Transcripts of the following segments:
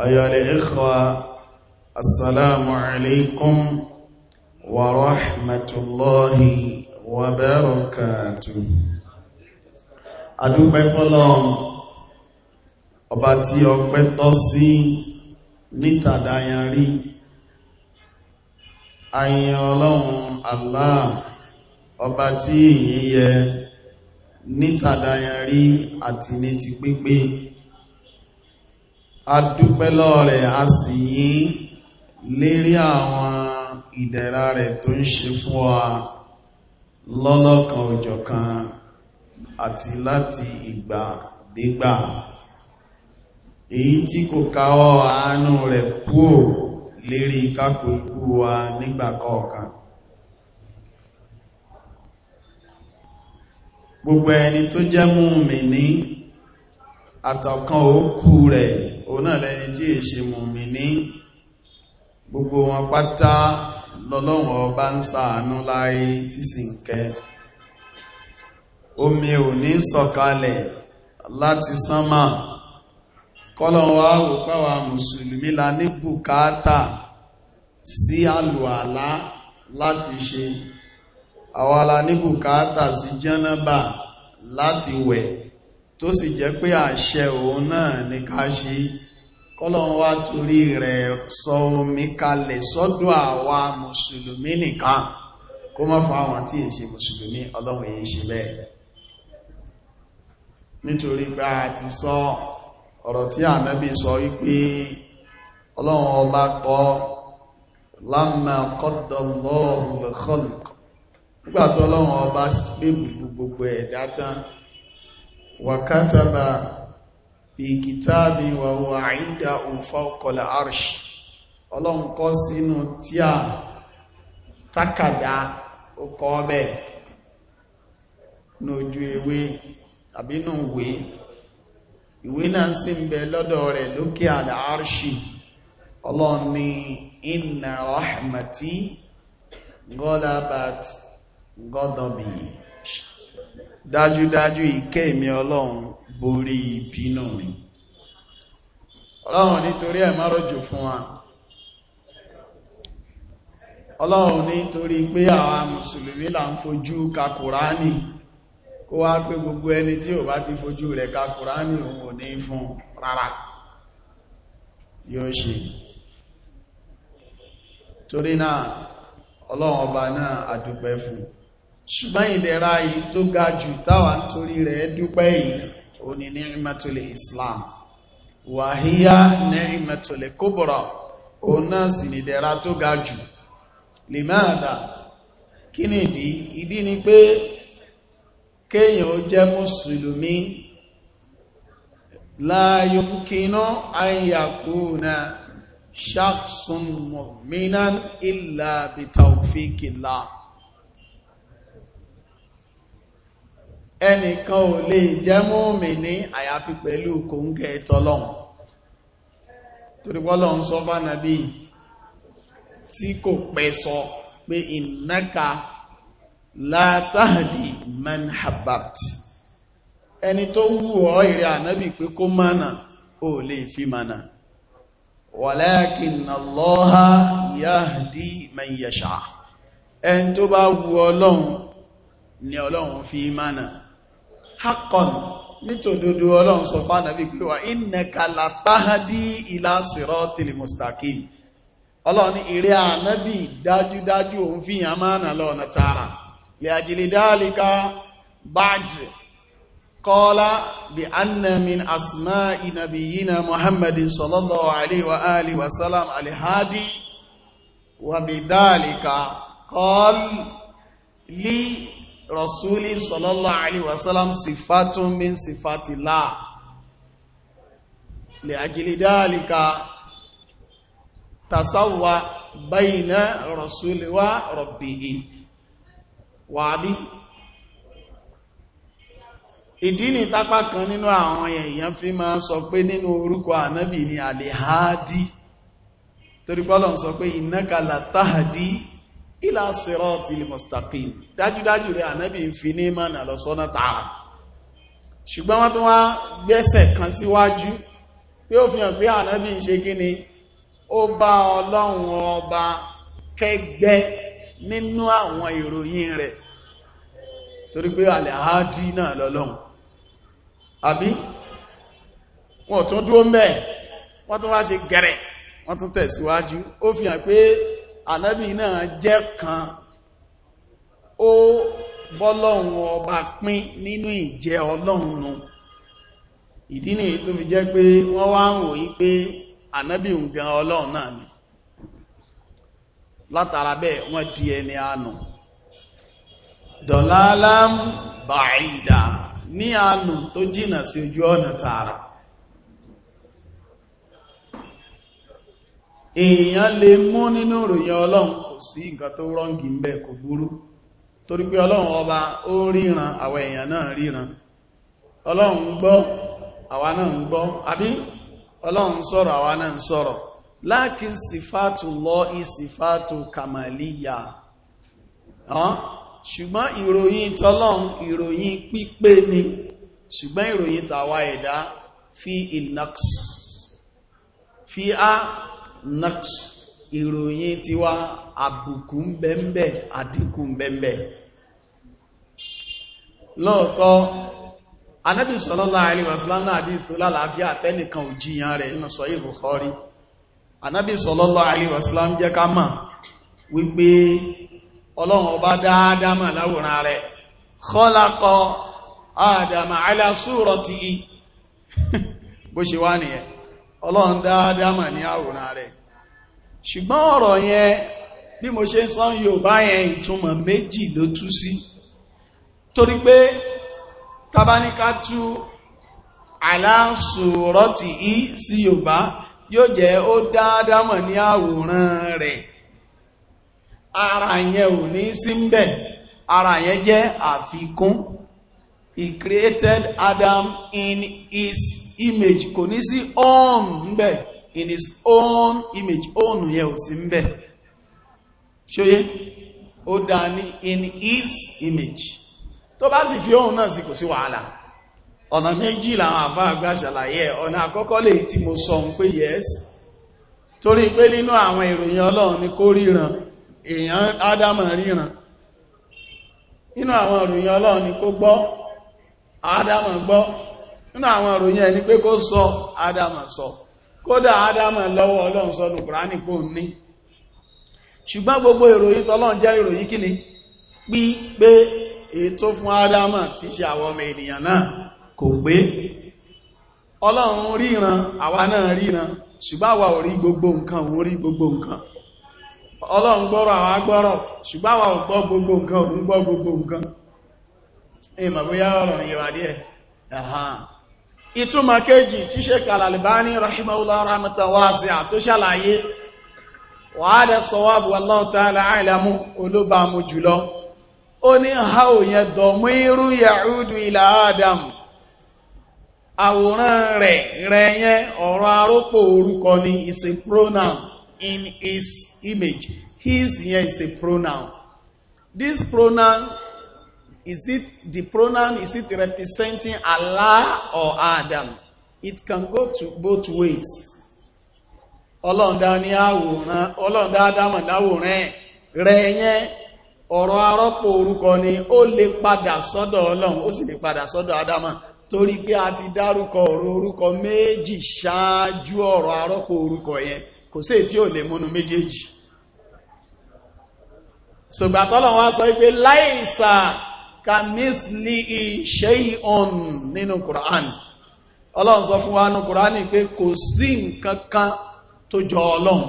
أيها الإخوة السلام عليكم ورحمة الله وبركاته adúpẹ́ fọ́lọ́run ọba tí ọpẹ́ tọ́ sí nítàdáyanrí ayin ọlọ́run Allah ọba tí èyí yẹ nítàdáyanrí àti ní ti pípé adúpẹ́lọ́ rẹ̀ a sì yín lérí àwọn ìdẹ̀ra rẹ̀ tó ń ṣe fún wa lọ́lọ́kan òjọ̀kan àti láti ìgbà dégbà èyí tí kò káwọ́ àánú rẹ̀ kúò lérí kákòókú wa nígbà kọ̀ọ̀kan gbogbo ẹni tó jẹ́ mùmínì àtọ̀kan òkú rẹ̀ òun náà lẹni tí è ṣe mùmíní gbogbo wọn pátá lọ́lọ́run ọba ń ṣàánú láyé tí sì ń kẹ́ omi ò ní sọ̀kalẹ̀ láti sánmà kọ́lọ̀wọ́ àwòpáwà mùsùlùmí la ní bùkátà sí àlùàlá láti ṣe àwa ní bùkátà sí jẹ́nàbà láti wẹ̀ tó sì jẹ́ pé àṣẹ òun náà ní ká ṣe kọ́lọ́run wá torí rẹ̀ sọ omi kalẹ̀ sọ́dọ̀ àwa mùsùlùmí nìkan kó má fa àwọn tí è ṣe mùsùlùmí ọlọ́run èyí ṣe bẹ́ẹ̀ nítorí pé a ti sọ ọ̀rọ̀ tí ànábì sọ wípé ọlọ́run ọba kọ lámà kọ́dọ̀lọ́rùn lọ́kọ̀lùkọ̀ nígbàtí ọlọ́run ọba gbé gbogbo ẹ̀dá tán وكتب في كتاب وهو عنده فوق العرش ọlọ́run kọ sínú tí a tákàdá tàbí nù ìwé ìwé náà sì ń bẹ lọ́dọ̀ rẹ̀ lókè àdáárṣì ọlọ́run ní gọ́lábàt dájúdájú ike ìmí ọlọ́run borí ìbínú mi ọlọ́run nítorí ẹ̀mọ́rọ̀jò fún wa ọlọ́run nítorí pé àwa mùsùlùmí là ń fojú ka kó wá pé gbogbo ẹni tí ò bá ti fojú rẹ̀ ka kùránì òun ò ní fún rárá yóò ṣe torí náà ọlọ́run ọba náà àdúpẹ́ fún un ṣùgbọ́n ìdẹ̀ra yìí tó ga jù táwa nítorí rẹ̀ dúpẹ́ yìí ó ní ni'matul islam wàhíyá ni'matul kubra òun náà sì ní ìdẹ̀ra tó ga jù lèmáàdà kí ni ìdí ìdí ni pé kéèyàn ó jẹ́ mùsùlùmí láàyò kíná àyàkúnà ṣàkṣùn mọ̀mínà ìlàbìtàwòfíkìlá ẹnìkan ò lè jẹ́ mọ́mì ní àyàfi pẹ̀lú kòńgẹ́ tọ́lọ́hun torí Ọlọ́hun sọ bá nàbí tí kò pẹ́ sọ pé ìnáka látàdì manhabat ẹni tó wù ọ́ ìrẹ́ ànábì pé kó mánà ò lè fi mánà walakin allaha yahdi man yasha ẹni tó bá wù ọlọ́run ni ọlọ́run fi mánà haqqan nítòdodo ọlọ́run sọ fún ànàbí pé wà innaka latahdi ila siratil mustaqim ọlọ́run ìrẹ́ ànábì dájúdájú òun fi yàn máa nà lọ́nà tààrà li ajli dhalika badr qala bi anna min asma'i nabiyyina muhammadin sallallahu alayhi wa alihi wa sallam alhadi wa bi dhalika qala li rasuli sallallahu alaihi wasallam sifatun min sifatillah li ajli dalika tasawwa bayna rasuli wa rabbihi wàbí ìdí ni tápá kan nínú àwọn èèyàn fi máa sọ pé nínú orúkọ ànábì ni àlèhádí torípọ́lọ̀ sọ pé innaka la ìlà siratil mustaqim dájúdájú rẹ̀ ànábì ń fi ní mọ̀nà lọ sọ́nà tààrà ṣùgbọ́n wọ́n tún wá gbẹ́sẹ̀ kan síwájú pé ó fi hàn pé ànábì ń ṣe kíni ó bá ọlọ́run ọba kẹ́gbẹ́ nínú àwọn ìròyìn rẹ̀ torí pé àlẹ́hádí náà lọ́lọ́run àbí wọ́n tún dúró mẹ́ wọ́n tún wá ṣe gẹ̀rẹ̀ wọ́n tún tẹ̀síwájú ó fi hàn pé ànábì náà jẹ́ kan ó bọ́lọ́hun ọba pín nínú ìjẹ ọlọ́hun nù ìdí ni tó fi jẹ́ pé wọ́n wá ń wòye pé ànábì ń gan náà ni látara bẹ́ẹ̀ wọ́n di ẹni àánú dọ̀lálám bàìdà ní àánú tó jìnà sí ojú ọ̀nà tààrà èèyàn lè mú nínú ìròyìn ọlọ́run kò sí nǹkan tó rọ́ǹgì ń bẹ kò búrú torí pé ọlọ́run ọba ó ríran àwọn èèyàn náà ríran ọlọ́run gbọ́ àwa náà ń gbọ́ àbí ọlọ́run sọ̀rọ̀ àwa náà ń sọ̀rọ̀ lákin sífàtù lọ ìsífàtù kàmàlíyà ṣùgbọ́n ìròyìn tọ́lọ́run ìròyìn pípé ni ṣùgbọ́n ìròyìn tàwa ẹ̀dá fi ilnaqs fi a naqs ìròyìn tiwa àbùkù ń bẹ́m̀bẹ̀ àdínkù ń bẹ́m̀bẹ̀ lóòtọ́ anábì sallallahu alaihi wasallam àdís tó lálàáfíà tẹ́nìkan ò jiyàn rẹ̀ nínú sọ Bukhari anábì sallallahu alaihi wasallam jẹ́ ká mọ̀ wípé ọlọ́run ọba dáadáma láwòrán rẹ̀ khalaqa Adama ọlọ́run dá ádámà ní àwòrán rẹ̀ ṣùgbọ́n ọ̀rọ̀ yẹn bí mo ṣe ń sọ Yorùbá yẹn ìtumọ̀ méjì ló tú sí torí pé tábáníká tú aláǹsùrọ́tì í sí Yorùbá yóò jẹ́ ó dá ádámà ní àwòrán rẹ̀ ara yẹn ò ní sí ara yẹn jẹ́ àfikún he created Adam in his image kò ní sí own ń bẹ̀ in his own image own yẹ ò sí ń bẹ̀ ṣóyé ó dá ní in his image tó bá sì fi own náà sí kò sí wàhálà ọ̀nà méjì làwọn àfá àgbà ṣàlàyé ọ̀nà àkọ́kọ́ lè tí mo sọ ń pé yes torí pé nínú àwọn ìròyìn Ọlọ́run ni kó ríran èèyàn ádámà ríran nínú àwọn ìròyìn Ọlọ́run ni kó gbọ́ ádámà gbọ́ nínú àwọn ìròyìn ẹni pé kó sọ adama sọ kódà adama lọ́wọ́ ọlọ́run sọ kùránì pò ní ṣùgbọ́n gbogbo ìròyìn tọ́lọ́run jẹ́ ìròyìn kíni pí pé ètò fún adama ti ṣe àwọn ọmọ ènìyàn náà kò gbé ọlọ́run ríran àwa náà ríran ṣùgbọ́n gbogbo nǹkan òun rí gbogbo nǹkan ọlọ́run gbọ́rọ̀ àwa gbọ́rọ̀ ṣùgbọ́n àwa ò gbogbo nǹkan òun gbọ́ gbogbo nǹkan bóyá ọ̀rọ̀ ìtumọ̀ kejì tí Sheikh Al-Albani rahimahullah rahmatan wasi'a tó ṣàlàyé wàhálẹ̀ sọwọ́bù wallahu ta'ala àìlàmú olóbàmú jùlọ ó ní hao yẹn dọ̀mú irú ya'udu ila Adam àwòrán rẹ̀ rẹ̀ ọ̀rọ̀ arópò orúkọ ni is a pronoun in his image his yẹn is a pronoun this pronoun Is it the pronoun? Is it representing Allah or Adam? It can go to both ways. Ọlọ́ndá ní àwòrán, ọlọ́ndá Ádámọ̀ láwòrán rẹ̀ yẹn ọ̀rọ̀ arọ́pò orúkọ ni ó lè padà sọ́dọ̀ Ọlọ́run, ó sì lè padà sọ́dọ̀ Ádámọ̀ torí pé a ti dárúkọ ọ̀rọ̀ orúkọ méjì ṣáájú ọ̀rọ̀ arọ́pò orúkọ yẹn kò sí tí ò lè múnu méjèèjì. Ṣùgbàtọ́lọ̀ wá sọ wípé láìsà kàmísìlì iṣẹ́ ìhàn nínú Kùránì ọlọ́run sọ fún wa nínú Kùránì pé kò sí nǹkan kan tó jọ ọlọ́run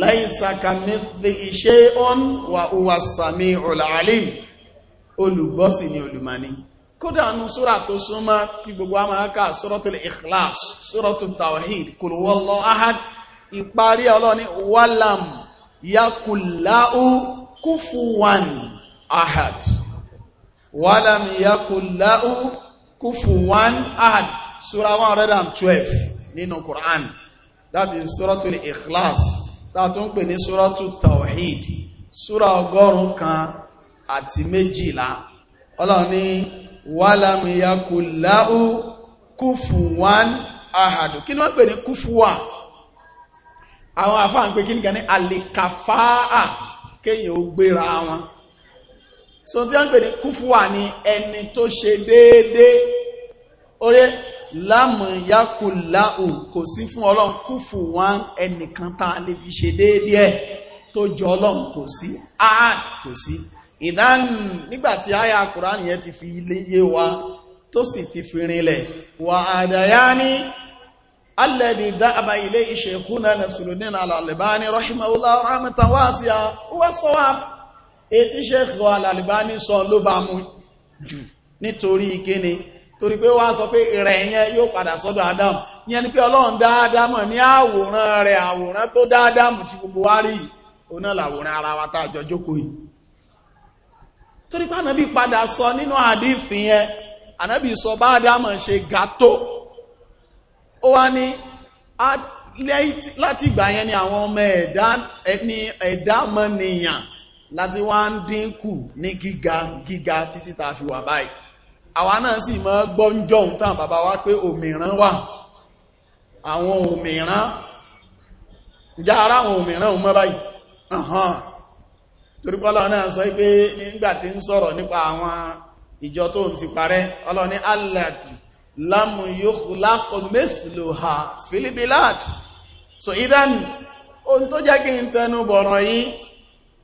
láìsà kàmísìlì iṣẹ́ ìhàn wà huwa sami'ul alim olùgbọ́ sì ni olùmọ̀ni kódà nù súra tó súnmọ́ tí gbogbo kúfúwàní ahad wàlám yakuláhu kúfùwán ahad sura one hundred and twelve nínú quran that is suratul ikhlas tàtún pè ní suratul tawhid sura ọgọ́rùn-ún kan àti méjìlá ọlọ́run ní wàlám yakuláhu kúfùwán ahad kí ni wọ́n pè ní kúfùwà àwọn àfáà ń kí ni kan ní alikafa'a kéèyàn ó gbéra wọn so tí wọ́n ń pè ní kúfúwà ni ẹni tó ṣe déédéé orí lámùyákùláhù kò sí fún ọlọ́run kúfúwà ẹnìkan tá a lè fi ṣe déédéé ẹ̀ tó jọ ọlọ́run kò sí áàd kò sí ìdáhùn nígbàtí àyà Kùránì yẹn ti fi yé wa tó sì ti fi rinlẹ̀ wà àdáyá ní alẹ́dì dáàbà ilé ìṣẹ̀kúnnà nàṣùlùmí nàlàlẹ̀bá ní rọ́ṣìmọ̀ ọlọ́run àmìtàwáṣíà wọ́n sọ wá etí sẹ́kọ̀ alàlìbáni sọ ló bá mú jù nítorí ìkéni torí pé wá sọ pé rẹ̀ yẹn yóò padà sọ́dọ̀ Adam yẹn ni pé ọlọ́run dáadámọ̀ ní àwòrán rẹ̀ àwòrán tó dáadámù tí gbogbo wá rí oná làwòrán ara wa tá jọ jókòó yìí torí pé ànábì padà sọ nínú àdífì yẹn ànábì sọ bá Ádámọ̀ ṣe ga tó ó wá ní láti ìgbà yẹn ni àwọn ọmọ ẹ̀dá mọ́nìyàn láti wá ń dínkù ní gíga gíga títí ta fi wà báyìí àwa náà sì mọ́ gbọ́njọ́un tán bàbá wa pé òmìrán wà àwọn òmìrán já ara àwọn òmìrán ò mọ́ báyìí torípọ́lá náà sọ pé nígbàtí ń sọ̀rọ̀ nípa àwọn ìjọ tó ń ti parẹ́ ọlọ́ni alàdì lámù yóò lákọ̀ mẹ́sìlòhà filibilad so idan ohun tó jẹ́ kí n tẹnu bọ̀rọ̀ yìí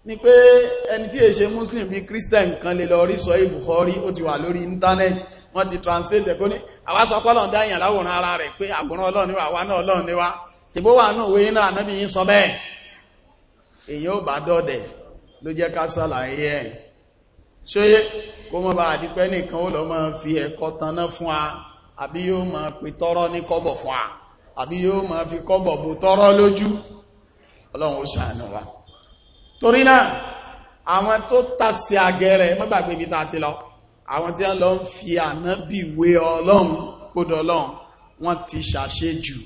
ni pé ẹni tí è ṣe muslim bí christian kan lè lọ rí sọ ìbùkọ́rí ó ti wà lórí internet wọ́n ti translate ẹ̀kọ́ ní àwásọpọ́lọ̀ dáyàn láwòrán ara rẹ̀ pé àgbọ̀nà ọlọ́run ni wá àwa náà ọlọ́run ni wá tí bó wà náà wé iná ànábì yín sọ bẹ́ẹ̀ èyí ò bá dọ́dẹ̀ ló jẹ́ ká sàlàyé ẹ̀ ṣé kó mọ́ bá àdípẹ́ nìkan ó lọ máa fi ẹ̀kọ́ taná fún wa àbí yóò máa pe wa torí náà àwọn tó tàṣì àgẹ̀rẹ̀ má gbàgbé ibi tàà ti lọ àwọn tí wọ́n lọ ń fi ànábì wé ọlọ́run kódọ̀ ọlọ́run wọ́n ti ṣàṣejù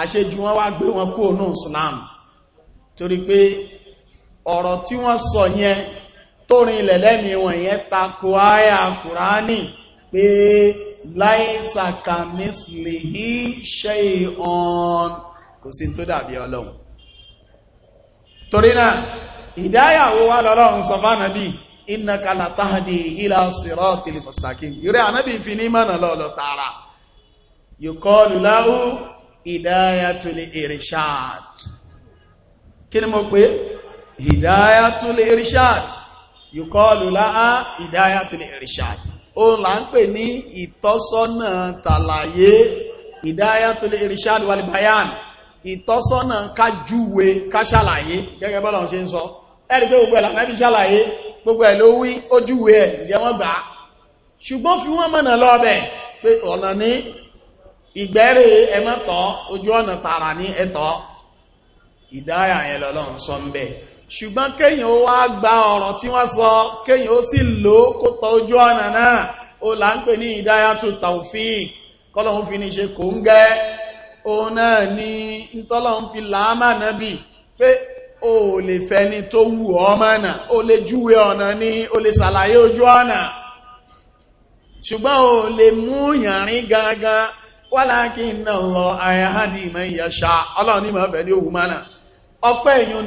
àṣejù wọ́n wá gbé wọn kúrò ní Islam torí pé ọ̀rọ̀ tí wọ́n sọ yẹn tó rin ilẹ̀ lẹ́mìí wọn yẹn tako àyà Kùránì pé láìsàkà mísìlìhí ṣe ọ̀n kò sí tó dàbí ọlọ́run torí náà ìdáyàwó wá lọ́lọ́run sọ bá nàbí iná kala táhàdì ilá sírọ́ tìlìfọ̀sítàkì ìrẹ́ ànábì fi ní mọ́nà lọ́lọ́ tààrà yùkọ́lù láhú ìdáyàtul irishad kí ni mo pé ìdáyàtul irishad yùkọ́lù láhá ìdáyàtul irishad ó là ń pè ní ìtọ́sọ́nà tàlàyé ìdáyàtul irishad wal ìtọ́sọ́nà ká júwe ká ṣàlàyé gẹ́gẹ́ bọ́lọ̀ ṣe ń sọ ẹ̀rí pé gbogbo ẹ̀lá mẹ́bí ṣàlàyé gbogbo ẹ̀ ló wí ó júwe ẹ̀ ǹjẹ́ wọ́n gbà á ṣùgbọ́n fi wọ́n mọ̀nà lọ́ọ̀bẹ̀ pé ọ̀nà ní ìgbẹ́rẹ̀ ẹmọ́tọ́ ojú ọ̀nà tààrà ní ẹ̀tọ́ ìdáyà yẹn lọ́lọ́run sọ ń bẹ̀ ṣùgbọ́n kéyìn ó wá gba ọ̀ràn tí wọ́n sọ kéyìn ó sì lò ó kó tọ ojú ọ̀nà náà ó là ń pè ní ìdáyà tó tàùfíì kọ́lọ́hún fi òun náà ni ìtọ́lọ́run fi láàmà nábì pé o lè fẹ́ni tó wù ọmọ náà o lè júwe ọ̀nà ni o lè ṣàlàyé ojú ọ̀nà ṣùgbọ́n o lè mú yànrín gangan walakinna Allah ayahadi man yasha ọlọ́run ní mọ̀ọ́bẹ̀ ní òwú mánà ọpẹ́ èèyàn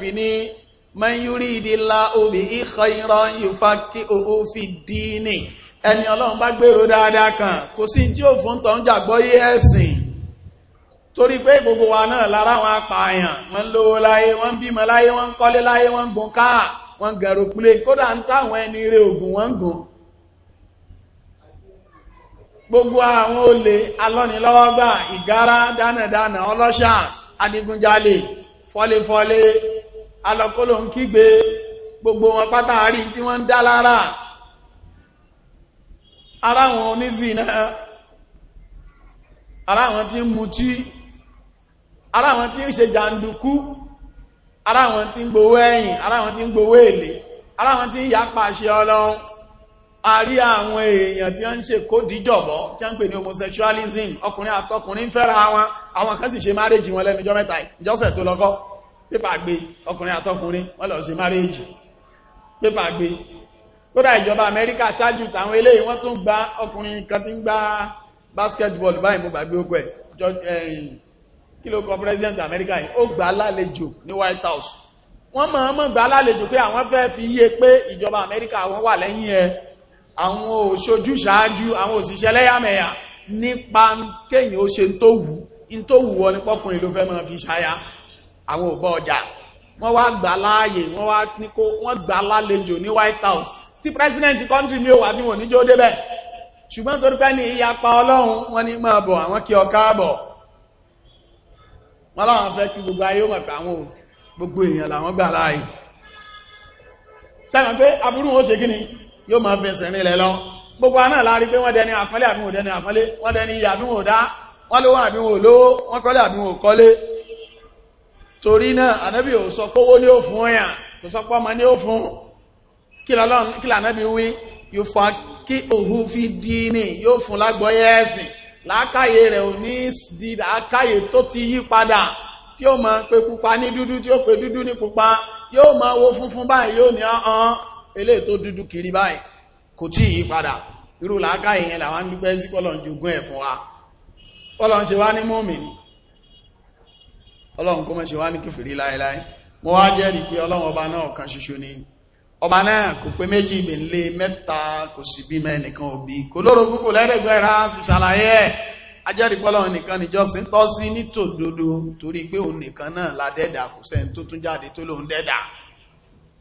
ní man yuridillahu bihi khayran yufaqihuhu fid-din ẹni ọlọ́run bá gbèrò dáadáa kan kò sí tí ó fún tọ́ ń jàgbọ́yé ẹ̀sìn torí pé gbogbo wa náà lára wọn apààyàn wọ́n lówó láyé wọ́n bímọ láyé wọ́n kọ́lé láyé wọ́n gun káà wọ́n gẹ̀rọ pílé kódà ń táwọn ẹni rẹ ògùn wọ́n gùn gbogbo àwọn olè alọ́nilọ́wọ́gbà ìgárá dánàdánà ọlọ́ṣà adigunjalè fọ́lẹ́fọ́lẹ́ alọ́kọ́lọ́ ń kígbe gbogbo wọn pátá rí tí wọ́n ń dá lára ara wọn zina ara wọn tí ń mutí ara wọn tí ń ṣe jàǹdùkú ara wọn tí ń gbowó ẹ̀yìn ara wọn tí ń gbowó èlé ara wọn tí ń yapa ṣe ọlọ́run a rí àwọn èèyàn tí wọ́n ń ṣe kó díjọ̀bọ́ tí wọ́n ń pè ní homosexualism ọkùnrin àtọkùnrin fẹ́ra wọn àwọn kan sì ṣe márèjì wọn lẹ́nu jọ́ ìjọ́sẹ̀ tó lọ́gọ́ pépà gbé ọkùnrin àtọkùnrin wọ́n lọ sí márèjì pépà gbé kódà ìjọba amẹ́ríkà ṣáájú tàwọn eléyìí wọ́n tún gba ọkùnrin kan tí ń gba basketball báyìí mo gbàgbé ó kọ ẹ̀ eh, kí ló kọ president amẹ́ríkà yìí ó gbà lálejò ní white house wọ́n máa mọ̀ gbà lálejò pé àwọn fẹ́ fi yé pé ìjọba amẹ́ríkà àwọn wà lẹ́yìn ẹ̀ àwọn òṣojú ṣáájú àwọn òṣìṣẹ́ lẹ́yàmẹ̀yà nípa kéyìn ó ṣe tó wù tó wù wọ́n ní pọ́kùnrin ló fẹ́ máa fi ṣáyà àwọn ò bọ́ ọjà wọ́n wá gbà láàyè wọ́n wá ní kó wọ́n gbà lálejò ní White House tí president country mi ò wá tí wọ́n níjó débẹ̀ ṣùgbọ́n torí pé ní ìyapa ọlọ́run wọ́n ní máa bọ̀ àwọn kí ọká bọ̀ wọ́n láwọn fẹ́ kí gbogbo ayé mọ̀ pé àwọn gbogbo èèyàn làwọn gbà láàyè sẹ́wọ̀n pé aburú wọn ṣe kíni yóò máa fẹsẹ̀ nílẹ̀ lọ gbogbo aná láàrí pé wọ́n dẹni àpọ́nlé àbí wọn dẹni àpọ́nlé wọ́n dẹni ìyà àbí wọn ò dá wọ́n lówó àbí wọn ò lówó wọ́n kọ́lé àbí wọn kọ́lé torí náà ànábì ò sọ pówó ní ó fún ọ̀yà kò sọ pọ́ ma ní ó fún kílà ànábì wí yóò fa kí òhun fi dí ní yóò fún lágbọ́yé ẹ̀sìn láàkáyé rẹ̀ ò ní di àkáyé tó ti yí padà tí ó máa pe pupa ní dúdú tí ó pe dúdú ní pupa yóò máa wo funfun báyìí yóò ní ọ̀hán eléyìí tó dúdú kiri báyìí kò tí yí padà irú làákàyè yẹn làwọn dúpẹ́ sí pọ́lọ̀ jogún ẹ̀ fún wa pọ́lọ̀ ń ṣe wá ní mọ́mìnì ọlọ́run kó má ṣe wá ní kèfèrí láéláé mo wá jẹ́rìí pé ọlọ́run ọba náà kan ṣoṣo ni ọba náà kò pé méjì ìbìnlé mẹ́ta kò sì bímọ ẹnìkan òbí kò lóró kúkò lẹ́rẹ̀gbẹ́ra ti ṣàlàyé ẹ̀ ajẹ́rìí pé ọlọ́run nìkan níjọ́sìn tọ́ sí nítòdodo torí pé òun nìkan náà la dẹ́dà kò sẹ́ni tó tún jáde tó lóun dẹ́dà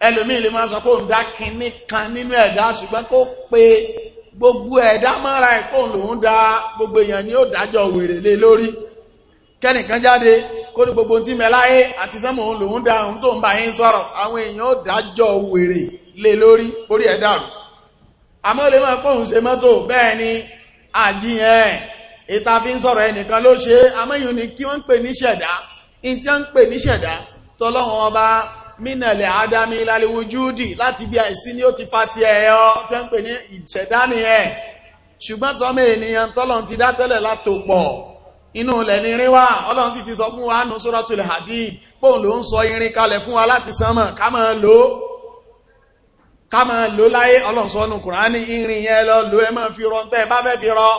ẹlòmíì lè máa sọ pé òun dá kinní kan nínú ẹ̀dá ṣùgbọ́n kó pe gbogbo ẹ̀dá mọ́ra ẹ̀ kóun lòun dá gbogbo èèyàn ni ó dájọ́ wèrè lé lórí kẹ́nìkan jáde kó ní gbogbo tí mẹ́láyé àti sánmọ̀ òun lòun dá òun tó ń bá yín sọ̀rọ̀ àwọn èèyàn ó dájọ́ wèrè lé lórí orí ẹ̀ dàrú àmọ́ lè máa pọ̀hùn ṣe mọ́tò bẹ́ẹ̀ ni àjíyàn ìta fi ń sọ̀rọ̀ ẹnìkan ló ṣe amẹ́yìn ni kí wọ́n ń pè ní ṣẹ̀dá in tí wọ́n ń pè ní ṣẹ̀dá tọ́lọ́run ọba mínàlẹ̀ ádámi lálẹ́wojúdì láti bí àìsí ni ó ti fa ti ẹ̀yọ́ tí wọ́n ń pè ní ìṣẹ̀dá nìyẹn ṣùgbọ́n tọ́mọ ènìyàn tọ́lọ́run ti dá tẹ́lẹ̀ látòpọ̀ inú ilẹ̀ ni irin wà ọlọ́run sì ti sọ fún wa nù suratul hadid pòun ló ń sọ irin kalẹ̀ fún wa láti sánmọ̀ ká máa lò ó ká máa lò láyé ọlọ́run sọ nù kùránì irin yẹn lọ lò ẹ máa fi rọ tẹ́ bá fẹ́ fi rọ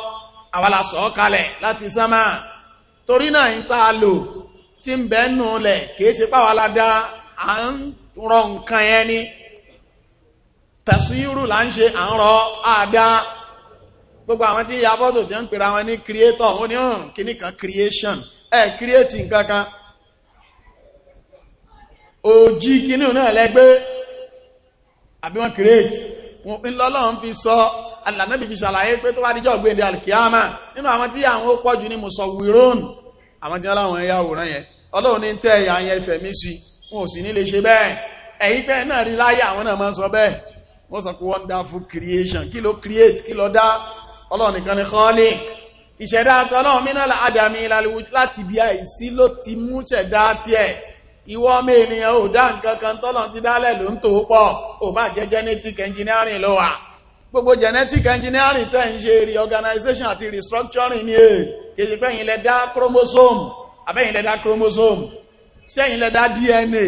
àwa sọ kalẹ̀ láti sánmọ̀ torí náà ń ta lò tí ń bẹ́ nù ilẹ̀ kìí ṣe à ń rọ nǹkan yẹn ni tẹ̀síyúrù là ń ṣe à ń rọ àdá gbogbo àwọn tí ń ya fọ́tò tí ń pèrà wọn ní creator ó ní ọ̀rùn hmm, kìíní kan creation ẹ̀ creating nǹkan kan òjì kìíní náà lẹ́gbẹ́ àbí wọ́n create wọ́n lọ́lọ́run fi sọ alànàbì fi ṣàlàyé pé tó wá díjọ́ gbéǹde alkiyama nínú àwọn tí àwọn ó pọ̀jù ní musawwirun àwọn tí wọ́n láwọn ẹ̀yà òwòrán yẹn ọlọ́run ní tẹ́ ẹ̀yà yẹn fẹ̀mí sí wọn ò wonderful creation kí ló create kí ló dá ọlọ́run nìkan ni khaliq ìṣẹ̀dá tọ́lọ́run mínàlá àdàmì ìlàlúwùjú láti bí àìsí ló ti mú ṣẹ̀dá tiẹ̀ ìwọ ọmọ ènìyàn ò dá nǹkan kan tọ́lọ́run ti dálẹ̀ ló ń tó pọ̀ ò bá jẹ́ genetic engineering ló wà gbogbo genetic engineering tẹ́ ń ṣe reorganization àti restructuring ní èè kèsì pé ìyìnlẹ̀ dá chromosome àbẹ́yìnlẹ̀ dá chromosome ṣẹ́yìnlẹ̀ dá DNA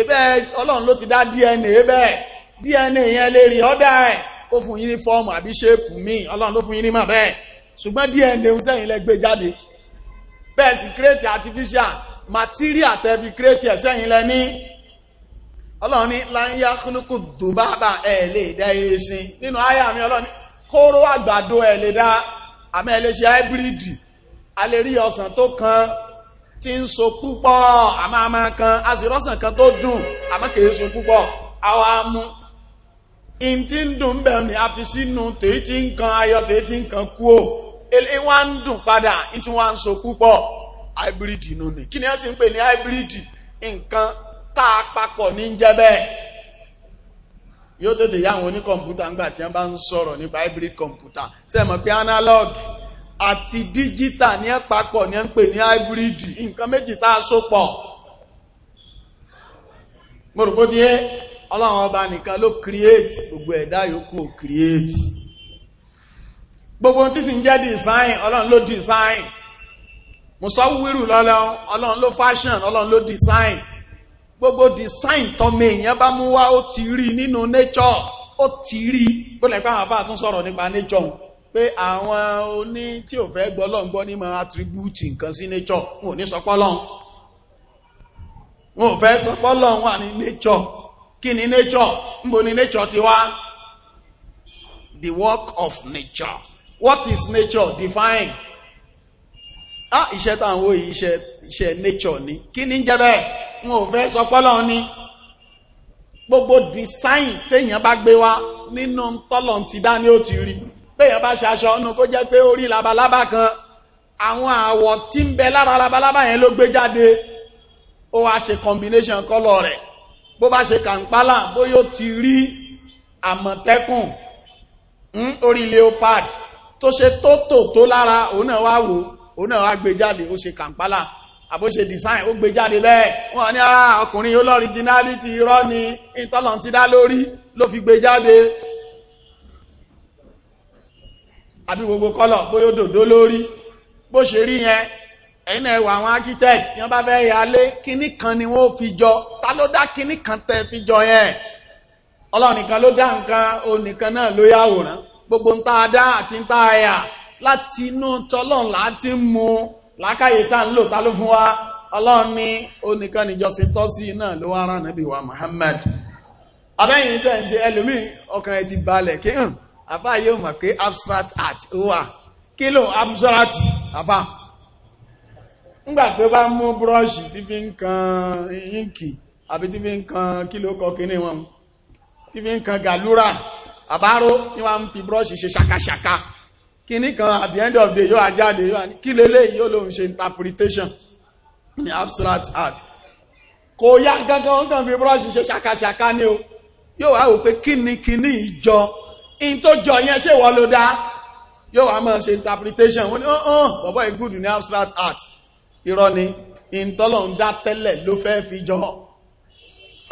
ẹ̀bẹ̀ ọlọ́run ló ti dá DNA ẹ̀bẹ̀ DNA yẹn lè rí ọ́dá ẹ̀ ó fún yín ní fọ́ọ̀mù àbí ṣéèpù míì ọlọ́run ló fún yín ní mà bẹ́ẹ̀ ṣùgbọ́n dna ń sẹ́yìn lẹ jáde bẹ́ẹ̀ sì kírètì artificial material tẹ́bi kírètì ẹ̀ sẹ́yìn lẹ ní ọlọ́run ní láyá kúlùkù dùbàbà ẹ̀ lè dá eéṣin nínú àyà mi ọlọ́run kóró àgbàdo ẹ̀ lè dá àmọ́ ẹ̀ lè ṣe háíbírìdì a lè rí ọsàn tó kan tí ń so púpọ̀ àmọ́ àmọ́ kan a sì rọ́sàn kan tó dùn àmọ́ kìí so púpọ̀ àwa mú in ń dùn bẹ̀rẹ̀ ni a fi sínú tèyí tí ń kan ayọ̀ tí ń kan kú o ilé e wa ń dùn padà e wa ń so púpọ̀ hybrid inú ni kí ni ẹ sì ń pè ní hybrid nǹkan tá a papọ̀ ní jẹ́ bẹ́ẹ̀ yóò tètè yá àwọn oníkọ̀mpútà ńgbà tí wọ́n bá ń sọ̀rọ̀ nípa hybrid computer pé àti ọlọ́run ọba nìkan ló create gbogbo ẹ̀dá yòókù ò create gbogbo tí sì ń jẹ́ design ọlọ́run ló design mùsọ́wúwírù lọ́lọ́run ọlọ́run ló fashion ọlọ́run ló design gbogbo design tọmọ èèyàn bá mú wá ó ti rí nínú nature ó ti rí bólẹ̀ pé àwọn àbá tún sọ̀rọ̀ nípa nature pé àwọn oní tí ò fẹ́ gbọ́ lọ́n gbọ́ ní máa attribute nǹkan sí nature wọn ò ní sọpọ́ lọ́n wọn ò fẹ́ sọpọ́ wà ní nature kí ni nature níbo ni nature ti wá the work of nature what is nature define ah iṣẹ́ tá à ń wò yìí iṣẹ́ iṣẹ́ nature ni kí ni ń jẹ́ bẹ́ẹ̀ wọn ò fẹ́ sọ pọ́lọ́ ni gbogbo design téèyàn bá gbé wá nínú tọ́lọ̀ ti dá ní ó ti rí béèyàn bá ṣaṣọ ọ̀nà kó jẹ́ pé ó labalábá kan àwọn àwọ̀ tí ń bẹ lára labalábá yẹn ló gbé jáde ó wá ṣe combination kọ́lọ̀ rẹ̀ bó bá ṣe kàǹpálà bóyó ti rí àmọ̀tẹ́kùn ń hmm, orí leopard tó ṣe tó tò tó lára òun náà wá wò òun náà wá gbé jáde ó ṣe kàǹpálà àbóṣe design ó gbé jáde bẹ́ẹ̀ wọ́n ní ah, ọkùnrin yóò lọ́ríjínálítì irọ́ ni ìtọ́lọ̀ ti dá lórí ló fi gbé jáde àbí gbogbo kọ́lọ̀ bóyó dòdó lórí bó ṣe rí yẹn ẹ̀yìn ẹ̀wọ̀ àwọn architect tí wọ́n bá fẹ́ yálé kíní kan ni wọ́n fi jọ ta ló dá kíní kan tẹ́ fi jọ yẹn ọlọ́run nìkan ló dá nǹkan onìkan náà ló yàwòrán gbogbo ń tá a dá àti ń tá a yà láti inú tọ́lọ́run láti ń mu làákàyè tá à ń lò ta ló fún wa ọlọ́run ní onìkan níjọsìn tọ́ náà ló wá rán nàbí wa Muhammad abẹ́yìn tẹ́ ń ṣe ẹlòmíì ọkàn ẹ̀ ti balẹ̀ kí hàn hmm, àbá yóò mọ̀ pé abstract art wà kí ló abstract àbá. ńgbà tó bá mú búrọ́ọ̀ṣì tí fi ń kan ínkì àbí tí fi ń kan kílò kọkíní wọn tí fi ń kan gàlúrà àbáró tí wọ́n fi búrọ́ọ̀ṣì ṣe ṣàkàṣàkà kíní kan at the end of the day yóò àjáde yóò ní kí lélẹ̀ yóò lóun ṣe interpretation ní abstract art kò yá gangan wọn kàn fi búrọ́ọ̀ṣì ṣe ṣàkàṣàkà ni o yóò wá wò pé kíni kíni ìjọ in tó jọ yẹn ṣe wọ́n ló dá yóò wá máa ṣe interpretation wọ́n ní ọ̀hún bọ̀bọ̀ ìgúdù ní abstract art irọ́ ni ìntọ́lọ̀ ń dá tẹ́lẹ̀ ló fẹ́ fi jọ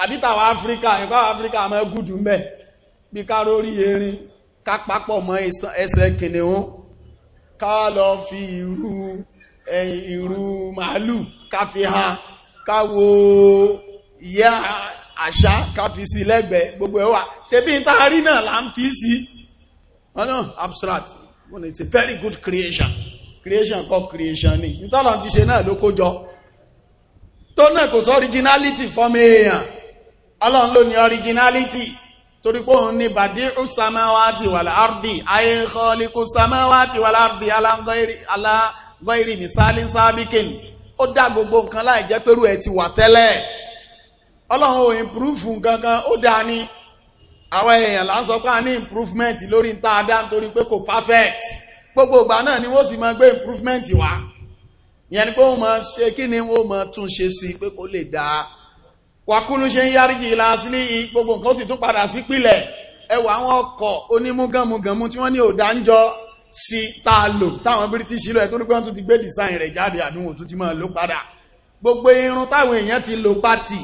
àbítàwà áfíríkà ìpá áfíríkà àmọ́ gùdù mẹ́ bí ká rórí erin ká papọ̀ mọ́ ẹsẹ̀ kìnìún ká lọ fi irú irú màálù ká fi ha ká wo ìyá àṣá ká fi sí lẹ́gbẹ̀ẹ́ gbogbo ẹwà ṣe bí n táàrí náà là ń fi sí ọ̀nà abstract it's a very good creation creation kọ́ creation ni nítọ́lọ̀ ti ṣe náà ló kójọ tó náà kò sọ originality fọ́mọ èèyàn ọlọ́run ló ní originality torí pé òun ní bàdí ọ̀sámáwátì wà láàrdì ayéhọ́líkù sámáwátì wà láàrdì alágọ́ìrì ní sálín sábíkìn ó dá gbogbo nǹkan láì jẹ́ pẹ́rú ẹ̀ ti wà tẹ́lẹ̀ ọlọ́run ò improve nǹkan kan ó dá ní àwọn èèyàn là ń sọ pé a ní improvement lórí ń tá a nítorí pé kò perfect gbogbo ìgbà náà ni wọ́n sì máa gbé improvement wá ìyẹn ni pé wọ́n máa ṣe kí ni wọ́n máa tún ṣe sí pé kó lè dáa wàkúlù ṣe ń yáríjì ìlàsílì gbogbo nǹkan sì tún padà sí pìlẹ̀ ẹwà àwọn ọkọ̀ onímúgànmúgànmú tí wọ́n ní òdánjọ́ sí táa lò táwọn British lọ ẹ̀tọ́ nípa tún ti gbé design rẹ̀ jáde àdúnwò tún ti máa lò padà gbogbo irun táwọn èèyàn ti lò pátì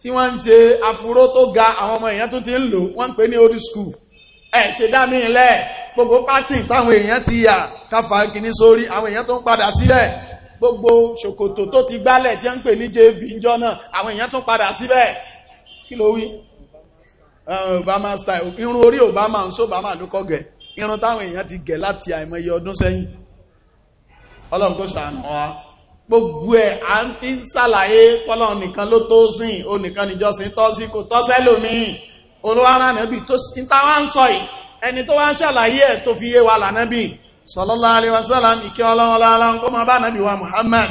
tí wọ́n ń ṣe afuró tó ga àwọn ọmọ èèyàn tó ti ń lò wọ́n ń pè ní old school ẹ̀ ṣe dá mi lẹ́ẹ̀ gbogbo pátì táwọn èèyàn ti yà káfà kìíní sórí àwọn èèyàn tó ń padà síbẹ̀ gbogbo ṣòkòtò tó ti gbálẹ̀ tí a ń pè ní jb njọ́ náà àwọn èèyàn tó ń padà síbẹ̀ kí ló wí Obama style irun orí Obama ń sóbama ló kọ́ gẹ̀ irun táwọn èèyàn ti gẹ̀ láti àìmọye ọdún sẹ́yìn ọlọ́run kò ṣàánú wa gbogbo ẹ̀ à ń fi ń ṣàlàyé pọ́lọ́run nìkan ló tó sìn ó nìkan níjọ́sìn tọ́ sí kò tọ́ sẹ́lòmíì olúwa ránà bí tó sí táwa ń sọ yìí ẹni tó wá ń ṣàlàyé ẹ̀ tó fi yé wa lànábì sallallahu alaihi wasallam ìkẹ́ ọlọ́wọ́lọ́wọ́ kó máa bá nábì wa Muhammad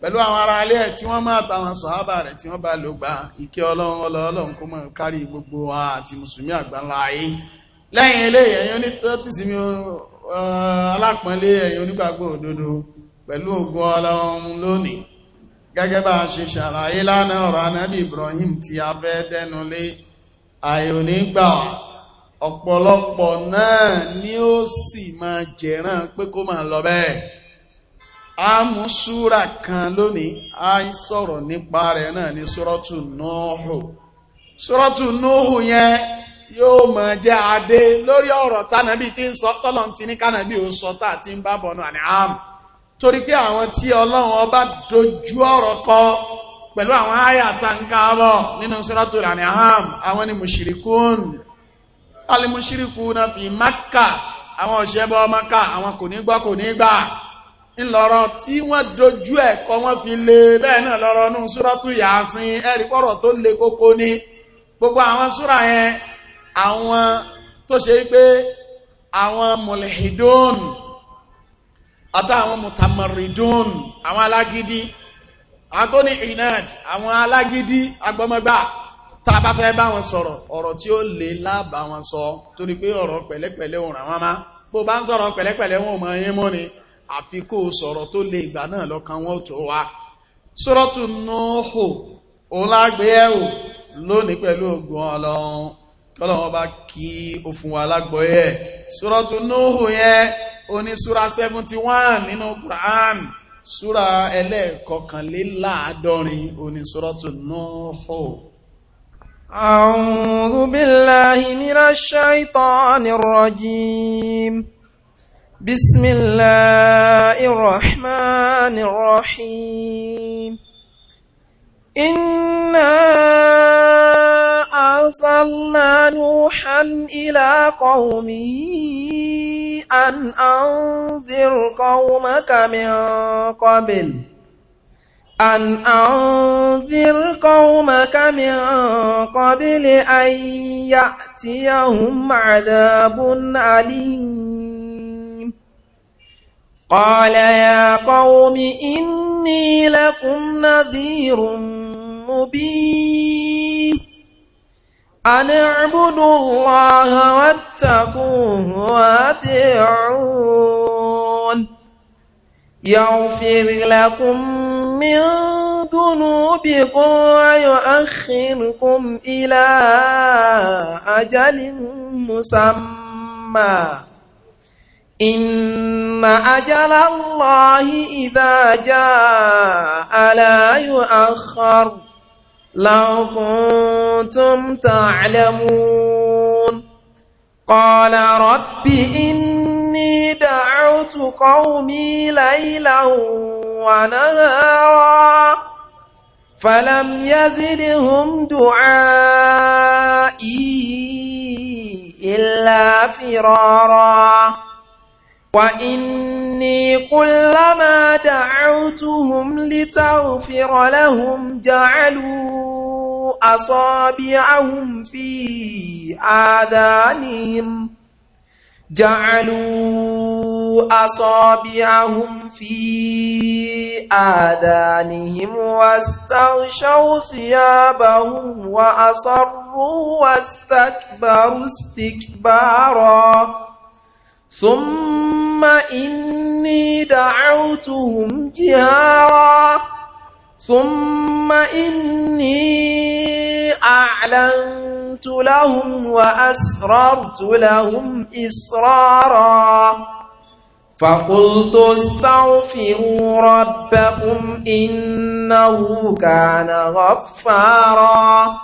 pẹ̀lú àwọn ará alẹ́ ẹ̀ tí wọ́n máa tàwọn sọ̀hábà rẹ̀ tí wọ́n bá lò gbà ìkẹ́ ọlọ́wọ́lọ́wọ́ kó máa kárí gbogbo wa àti mùsùlùmí àgbáńlá ayé lẹ́yìn eléyìí ẹ̀yin ọ̀pọ̀lọpọ̀ náà ni ó sì máa jẹ̀ràn pé kó máa lọ bẹ́ẹ̀ a mú súra kan lónìí a sọ̀rọ̀ nípa rẹ̀ náà ní súrọ́tù nóòhù súrọ́tù nóòhù yẹn yóò máa jẹ́ adé lórí ọ̀rọ̀ tánàbí tí ń sọ tọ́lọ̀ ti ní kánàbí ò sọ tá àti ń bá bọ̀nù àní àmù torí pé àwọn tí ọlọ́run ọba dojú ọ̀rọ̀ kọ pẹ̀lú àwọn àyà tá ń káàbọ̀ nínú súrọ́tù ràní àmù àwọn ni mùṣìríkùn alimushiriku na fi maka àwọn òṣèbọ maka àwọn kò ní gbọ́ kò ní gbà ńlọrọ tí wọ́n dojú ẹ̀kọ́ wọ́n fi lè bẹ́ẹ̀ náà lọ́rọ̀ nú súrọ́tù yàásín ẹ̀rí pọ̀rọ̀ tó le kókó ní gbogbo àwọn súra yẹn àwọn tó ṣe pé àwọn mọ̀lẹ́hìdóòn àtàwọn mùtàmọ̀rìdóòn àwọn alágídí àwọn tó ní inad àwọn alágídí agbọ́mọgbà tá a bá fẹ́ bá wọn sọ̀rọ̀ ọ̀rọ̀ tí ó lè lábà wọn sọ torí pé ọ̀rọ̀ pẹ̀lẹ́pẹ̀lẹ́ òun ràn wọ́n má bó bá ń sọ̀rọ̀ pẹ̀lẹ́pẹ̀lẹ́ wọn ò mọ yín mú ni àfi kó sọ̀rọ̀ tó lè ìgbà náà lọ́kàn wọn ò tó wa sọ́rọ́tù nóòhù òun lágbé ẹ̀wò lónìí pẹ̀lú ògùn ọlọ́run kọ́lọ̀wọ́n bá kí o fún wa lágbọ́ sọ́rọ́tù nóòhù yẹn oní súra 71 nínú Quran súra ẹlẹ́ẹ̀kọkànléláàádọ́rin oní sọ́rọ́tù nóòhù أعوذ بالله من الشيطان الرجيم بسم الله الرحمن الرحيم إنا أرسلنا نوحا إلى قومه أن أنذر قومك من قبل أن أنذر قومك من قبل أن يأتيهم عذاب أليم قال يا قوم إني لكم نذير مبين أن اعبدوا الله واتقوه واتعون يغفر لكم من ذنوبكم ويؤخركم إلى أجل مسمى إن أجل الله إذا جاء لا يؤخر لو كنتم تعلمون قال رب إني إني دعوت قومي ليلا ونهارا فلم يزدهم دعائي إلا فرارا وإني كلما دعوتهم لتغفر لهم جعلوا أصابعهم في آذانهم جعلوا أصابعهم في آذانهم واستغشوا ثيابهم وأصروا واستكبروا استكبارا ثم إني دعوتهم جهارا ثم إني أعلنت لهم وأسررت لهم إسرارا فقلت استغفروا ربكم إنه كان غفارا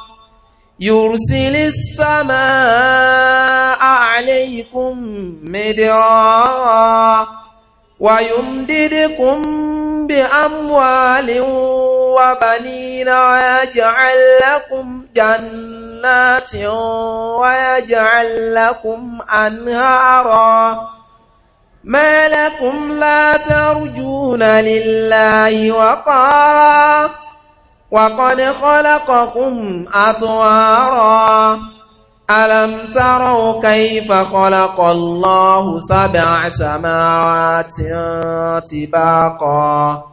يرسل السماء عليكم مدرارا ويمددكم بأموال وبنين ويجعل لكم جنات ويجعل لكم أنهارا ما لكم لا ترجون لله وقارا وقد خلقكم أطوارا ألم تروا كيف خلق الله سبع سماوات طباقا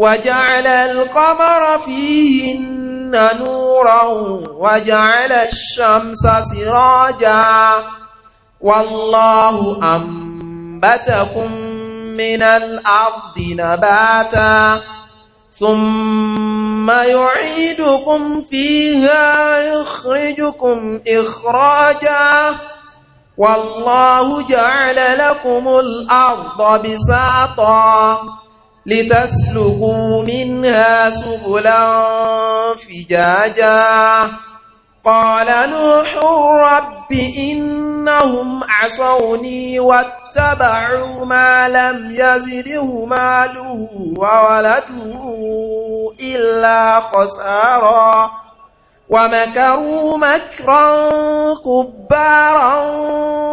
وجعل القمر فيهن نورا وجعل الشمس سراجا والله أنبتكم من الأرض نباتا ثم يعيدكم فيها يخرجكم إخراجا والله جعل لكم الأرض بساطا لتسلكوا منها سبلا فجاجا قال نوح رب إنهم عصوني واتبعوا ما لم يزده ماله وولده إلا خسارا ومكروا مكرا كبارا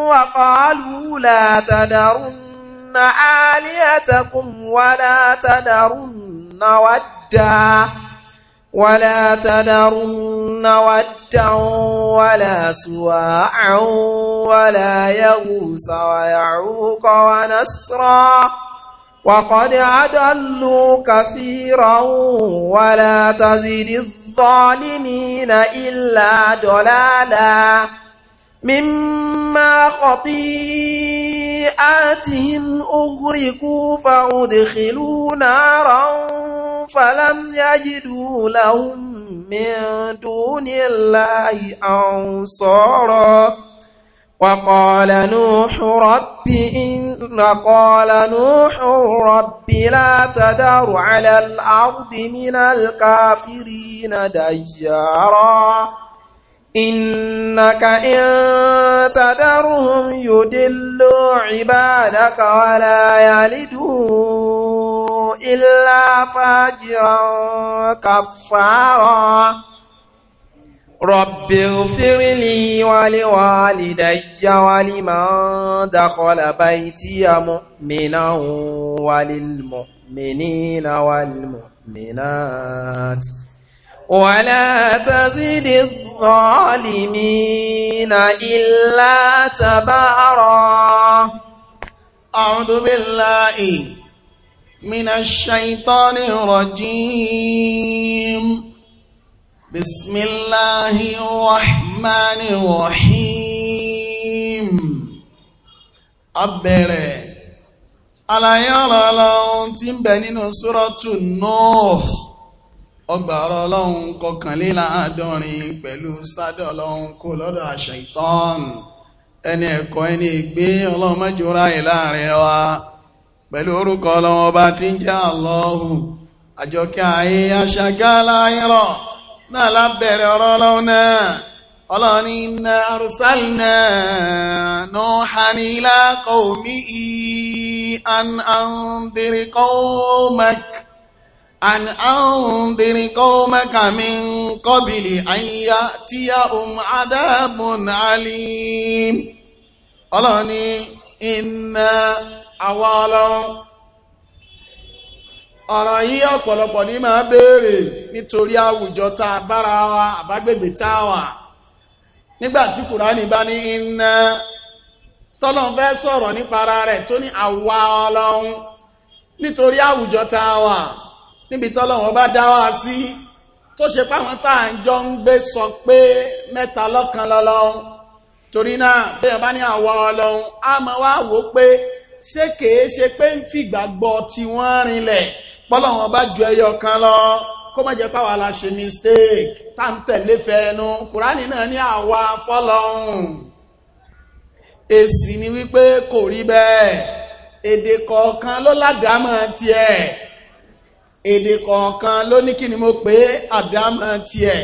وقالوا لا تدرن تذرن ولا تذرن ودا ولا تذرن ودا ولا سواعا ولا يغوس ويعوق ونسرا وقد أدلوا كثيرا ولا تزد الظالمين إلا ضلالا مما خطيئاتهم أغرقوا فأدخلوا نارا فلم يجدوا لهم من دون الله أنصارا وقال نوح رب إن قال نوح رب لا تدر على الأرض من الكافرين ديارا إنك إن تدرهم يدلوا عبادك ولا يلدوا إلا فاجرا كفارا رب اغفر لي ولوالدي ولمن دخل بيتي مؤمنا وللمؤمنين والمؤمنات ولا تزد الظالمين إلا تبارا أعوذ بالله من الشيطان الرجيم بسم الله الرحمن الرحيم abẹ̀rẹ̀ àlàyé ọ̀rọ̀ ọlọ́run tí ń bẹ ọgbàrọ̀ ọlọ́run kọkànléláàádọ́rin pẹ̀lú sádẹ̀ ọlọ́run kó lọ́dọ̀ àṣẹ ìtọ́ọ̀nù ẹni ẹ̀kọ́ ẹni ìgbé ọlọ́run mẹ́jọra ìláàrin wa pẹ̀lú orúkọ ọlọ́run ọba tí ń jẹ́ àlọ́hù àjọkẹ́ ayé aṣàgá láyírọ̀ náà lábẹ̀rẹ̀ ọ̀rọ̀ ọlọ́run náà ọlọ́run ní inna arsalna Nuhan ila qawmihi an andhir qawmak أن أنذر قومك من قبل أن يأتيهم عذاب عليم ọlọ́run ní iná ọ̀rọ̀ yí ọ̀pọ̀lọpọ̀ ní máa béèrè nítorí àwùjọ a bára wa àbágbègbè ta wà nígbàtí bá ní iná rẹ̀ tó ní àwa ọlọ́run nítorí àwùjọ níbi tọ́lọ́wọ́n bá dá wá sí tó ṣe páwọn táà ń jọ ń gbé sọ pé mẹ́ta lọ́kan lọ́lọ́run torí náà bẹ́ẹ̀ bá ní àwa ọlọ́run a mọ̀ wá wò pé ṣé kèé ṣe pé ń fìgbàgbọ́ tí wọ́n rinlẹ̀ pọ́lọ́wọ́n bá ju ẹyọ kan lọ kó má jẹ́ páwa mistake tá ń tẹ̀lé fẹ́ẹ́nu kùránì náà ní àwa fọ́lọ́run èsì ni wípé kò rí bẹ́ẹ̀ èdè kọ̀ọ̀kan ló lágàámọ̀ tiẹ̀ èdè kọ̀ọ̀kan ló ní kí ni mo pé àdámọ̀ tiẹ̀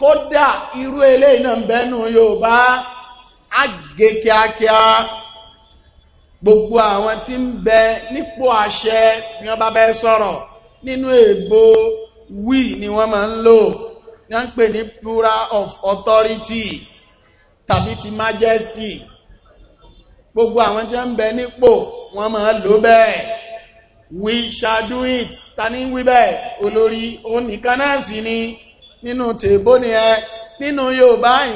kódà irú eléyìí náà ń bẹ́nu Yorùbá àgé kíákíá gbogbo àwọn tí ń bẹ nípò àṣẹ ni wọ́n bá bẹ́ sọ̀rọ̀ nínú èbó wí ni wọ́n máa ń lò wọ́n ń pè ní plural of authority tàbí ti majesty gbogbo àwọn tí ń bẹ nípò wọ́n máa lò bẹ́ẹ̀ we shall do it ta ní wí bẹ́ẹ̀ olórí òun nìkan náà sì ni nínú tèbó ni ẹ nínú Yorùbá